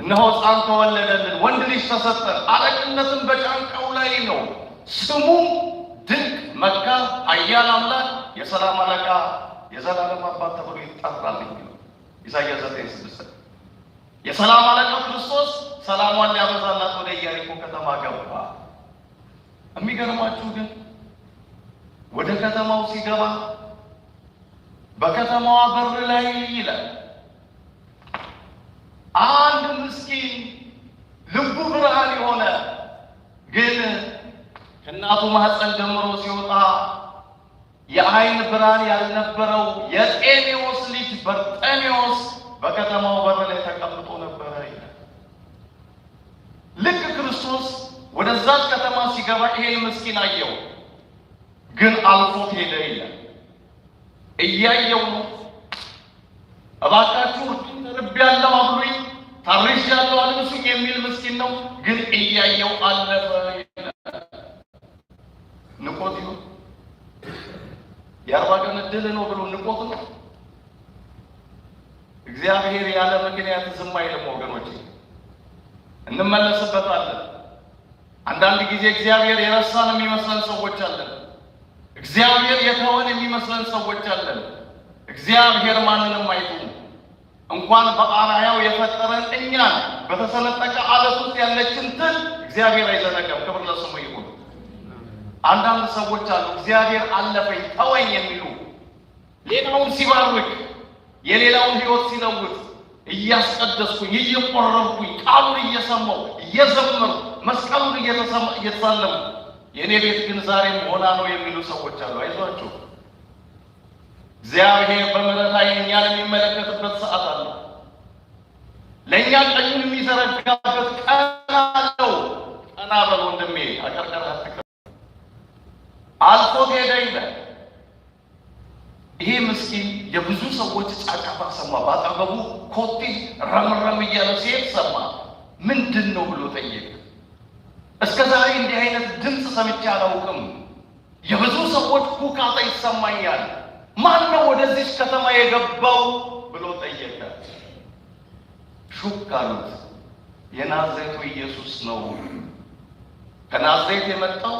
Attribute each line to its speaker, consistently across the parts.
Speaker 1: እነሆ ሕፃን ተወለደልን፣ ወንድ ልጅ ተሰጠን፣ አለቅነትን በጫንቃው ላይ ነው፣ ስሙም ድንቅ መካ ኃያል አምላክ፣ የሰላም አለቃ፣ የዘላለም አባት ተብሎ ይጠራል የሚለው ዘጠኝ ስድስት የሰላም አለቃው ክርስቶስ ሰላሟን ሊያበዛላት ወደ ኢያሪኮ ከተማ ገባ። የሚገርማችሁ ግን ወደ ከተማው ሲገባ በከተማዋ በር ላይ ይላል ምስኪን ልቡ ብርሃን የሆነ ግን ከእናቱ ማህፀን ጀምሮ ሲወጣ የአይን ብርሃን ያልነበረው የጤሜዎስ ልጅ በርጤሜዎስ በከተማው በር ላይ ተቀምጦ ነበረ ይላል። ልክ ክርስቶስ ወደዛች ከተማ ሲገባ ይሄን ምስኪን አየው፣ ግን አልፎት ሄደ ይላል። እያየው ነው። እባካችሁ ርቤያለሁ አብሉኝ ታርሽ ያለው አልምሱኝ የሚል ምስኪን ነው፣ ግን እያየው አለፈ። ንቆት ይሁን የአርባ ቀን እድል ነው ብሎ ንቆት ነው። እግዚአብሔር ያለ ምክንያት ዝም አይልም ወገኖች፣ እንመለስበታለን። አንዳንድ ጊዜ እግዚአብሔር የረሳን የሚመስለን ሰዎች አለን። እግዚአብሔር የተወን የሚመስለን ሰዎች አለን። እግዚአብሔር ማንንም አይተውም። እንኳን በአራያው የፈጠረን እኛን በተሰነጠቀ አለት ውስጥ ያለችን ትል እግዚአብሔር አይዘነጋም። ክብር ለስሙ ይሁን። አንዳንድ ሰዎች አሉ እግዚአብሔር አለፈኝ ተወኝ የሚሉ ሌላውን ሲባርክ የሌላውን ሕይወት ሲለውጥ እያስቀደስኩኝ እየቆረብኩኝ ቃሉን እየሰማው እየዘመሩ መስቀሉን እየተሳለሙ የእኔ ቤት ግን ዛሬም ሆና ነው የሚሉ ሰዎች አሉ። አይዟቸው እግዚአብሔር በምሕረት ላይ እኛን የሚመለከትበት ሰዓት አለው። ለእኛ ቀኙን የሚዘረጋበት ቀን አለው። ቀና በሎ ወንድሜ አቀርቀር አልፎ ሄደ ይላል። ይሄ ምስኪን የብዙ ሰዎች ጫጫታ ሰማ። በአጠገቡ ኮቴ ረምረም እያለ ሲሄድ ሰማ። ምንድን ነው ብሎ ጠየቀ። እስከ ዛሬ እንዲህ አይነት ድምፅ ሰምቼ አላውቅም። የብዙ ሰዎች ሁካታ ይሰማኛል ማን ነው ወደዚች ከተማ የገባው ብሎ ጠየቀ ሹክ አሉት። የናዝሬቱ ኢየሱስ ነው ከናዝሬት የመጣው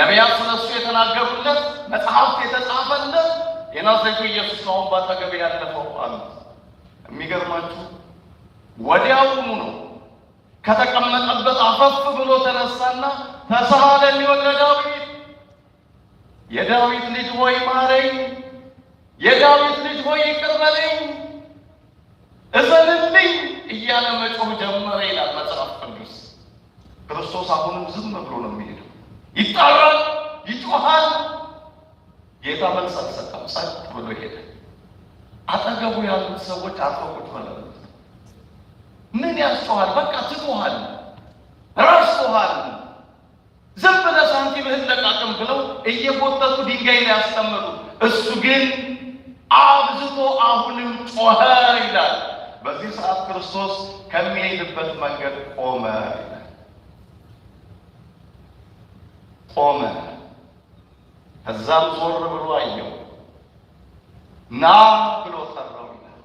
Speaker 1: ነቢያት ስለሱ የተናገሩለት መጽሐፍት የተጻፈለት የናዝሬቱ ኢየሱስ ነው ባጠገብ ያለፈው አሉት። የሚገርማችሁ ወዲያውኑ ነው ከተቀመጠበት አፈፍ ብሎ ተነሳና ተሳሃለኒ ወለዳዊት የዳዊት ልጅ ሆይ ማረኝ፣ የዳዊት ልጅ ሆይ ይቅር በለኝ፣ እዘንልኝ እያለ መጮህ ጀመረ ይላል መጽሐፍ ቅዱስ። ክርስቶስ አሁንም ዝም ብሎ ነው የሚሄደው። ይጣራል፣ ይጮሃል። ጌታ መልስ አልሰጠም፣ ጸጥ ብሎ ሄደ። አጠገቡ ያሉት ሰዎች አፈቁት መለት ምን ያስጮሃል? በቃ ትጮሃል፣ ራስጮሃል፣ ዝም ብለህ ሳንቲምህን ለቃቅም ብለው እየ ያስተምሩ። እሱ ግን አብዝቶ አሁንም ጮኸ ይላል። በዚህ ሰዓት ክርስቶስ ከሚሄድበት መንገድ ቆመ ቆመ። ከዛም ዞር ብሎ አየው ና ብሎ ጠራው ይላል።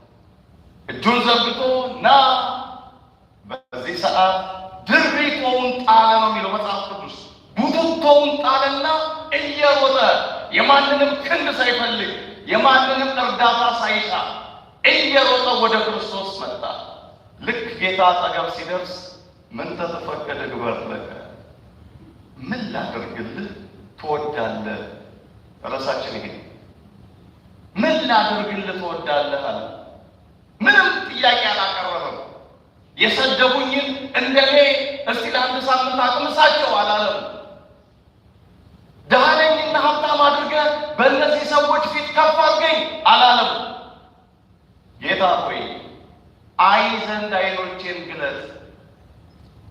Speaker 1: እጁን ዘርግቶ ና በዚህ ሰዓት የማንንም ክንድ ሳይፈልግ የማንንም እርዳታ ሳይሻ እየሮጠ ወደ ክርስቶስ መጣ። ልክ ጌታ አጠገብ ሲደርስ ምን ተተፈቀደ ግበር ለከ ምን ላደርግልህ ትወዳለህ? ርዕሳችን ይሄ ምን ላደርግልህ ትወዳለህ አለ። ምንም ጥያቄ አላቀረበም። የሰደቡኝን እንደኔ እስቲ ለአንድ ሳምንት አቅምሳቸው አላለም። ደሃ ራሴን ሀብታም አድርገ በእነዚህ ሰዎች ፊት ከፍ አድርገኝ አላለም። ጌታ ሆይ አይ ዘንድ አይኖቼን ግለጽ።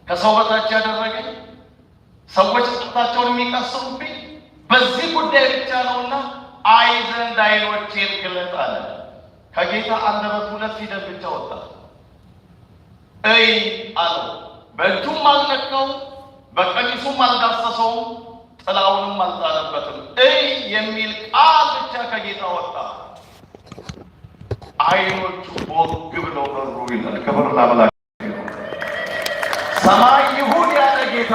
Speaker 1: ከሰው በታች ያደረገኝ ሰዎች ጽጥታቸውን የሚቀስሙብኝ በዚህ ጉዳይ ብቻ ነውና አይ ዘንድ አይኖቼን ግለጥ አለ። ከጌታ አንደበት ሁለት ፊደል ብቻ ወጣ፣ እይ አለው። በእጁም አልነካውም፣ በቀሚሱም አልዳሰሰውም። ጥላውንም አልጣለበትም። እይ የሚል ቃል ብቻ ከጌታ ወጣ። አይኖቹ ቦግ ብለው በሩ ይላል። ክብር ላምላክ። ሰማይ ይሁን ያለ ጌታ፣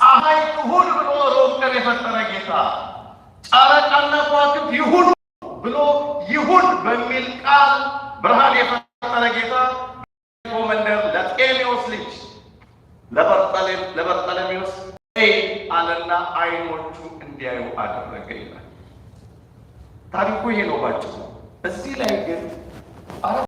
Speaker 1: ፀሐይ ትሁን ብሎ ሮብ የፈጠረ ጌታ፣ ጨረቃና ከዋክብት ይሁኑ ብሎ ይሁን በሚል ቃል ብርሃን የፈጠረ ጌታ መንደር ለጤሜዎስ ልጅ ለበርጠሌሜዎስ አለና አይኖቹ እንዲያዩ አደረገ ይላል ታሪኩ ይሄ ነው ባጭሩ። እዚህ ላይ ግን